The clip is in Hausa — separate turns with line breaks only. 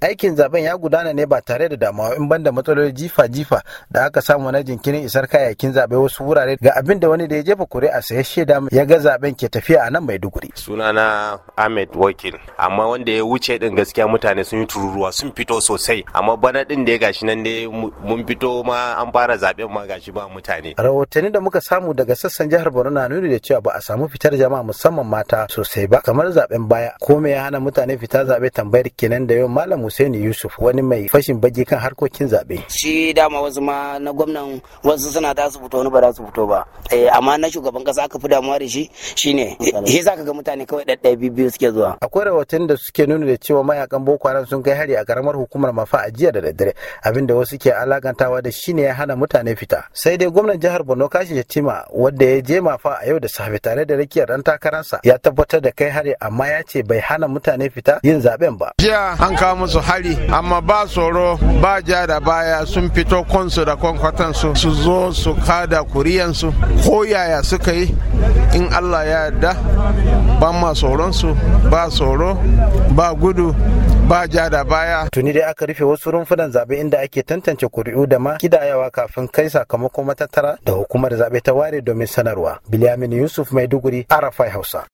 aikin zaben ya gudana ne ba tare da damuwa in banda matsalolin jifa-jifa da aka samu na jinkirin isar kayayyakin zabe wasu wurare ga abin da wani da ya jefa kuri'a sai shaida ya ga zaben ke tafiya a
nan Maiduguri. Sunana Ahmed Wakil amma wanda ya wuce din gaskiya mutane sun yi tururuwa sun fito sosai amma bana din da ya gashi nan ne mun fito ma an fara zaben ma gashi ba mutane.
Rahotanni da muka samu daga sassan jihar Borno na nuni da cewa ba a samu fitar jama'a musamman mata sosai ba kamar zaben baya kome ya hana mutane fita zabe tambayar kenan da yau malam Hussaini Yusuf wani mai fashin baji kan harkokin zaɓe.
Shi dama wasu ma na gwamnan wasu suna da su fito wani ba za su fito ba. Eh, amma na shugaban kasa aka fi damuwa da shi shine shi za ka ga mutane kawai ɗaɗɗaya biyu suke zuwa.
Akwai rahoton da suke nuna da cewa mayakan Boko Haram sun kai hari a karamar hukumar Mafa a jiya da daddare abinda wasu ke alakantawa da shine ya hana mutane fita. Sai dai gwamnan jihar Borno Kashi Yatima wanda ya je Mafa a yau da safe tare da rakiyar dan takaransa ya tabbatar da kai hari amma ya ce bai hana mutane fita yin zaben ba.
Jiya an kawo musu su hari amma ba tsoro ba ja da baya sun fito kansu da kwankwatan su zo su kada kuriyansu ko yaya suka yi in allah ya yarda ba ma tsoronsu ba tsoro ba gudu ba ja da
baya. Tuni dai aka rufe wasu rumfunan zaɓe inda ake tantance kuri'u da ma kidayawa kafin kai sakamakon matattara da hukumar zaɓe ta ware domin sanarwa. biliyamin Yusuf Maiduguri, Arafai Hausa.